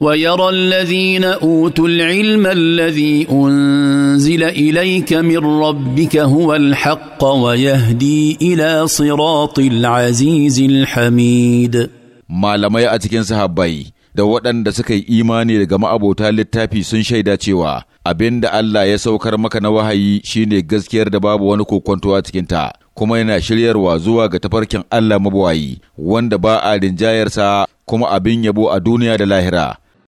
ويرى الذين اوتوا العلم الذي انزل اليك من ربك هو الحق ويهدي الى صراط العزيز الحميد malamai a cikin sahabai da waɗanda suka yi imani daga ma'abota littafi sun shaida cewa abin da Allah ya saukar maka na wahayi shine gaskiyar da babu wani kokontowa cikinta kuma yana shiryarwa zuwa ga tafarkin Allah mabawayi wanda ba a rinjayarsa kuma abin yabo a duniya da lahira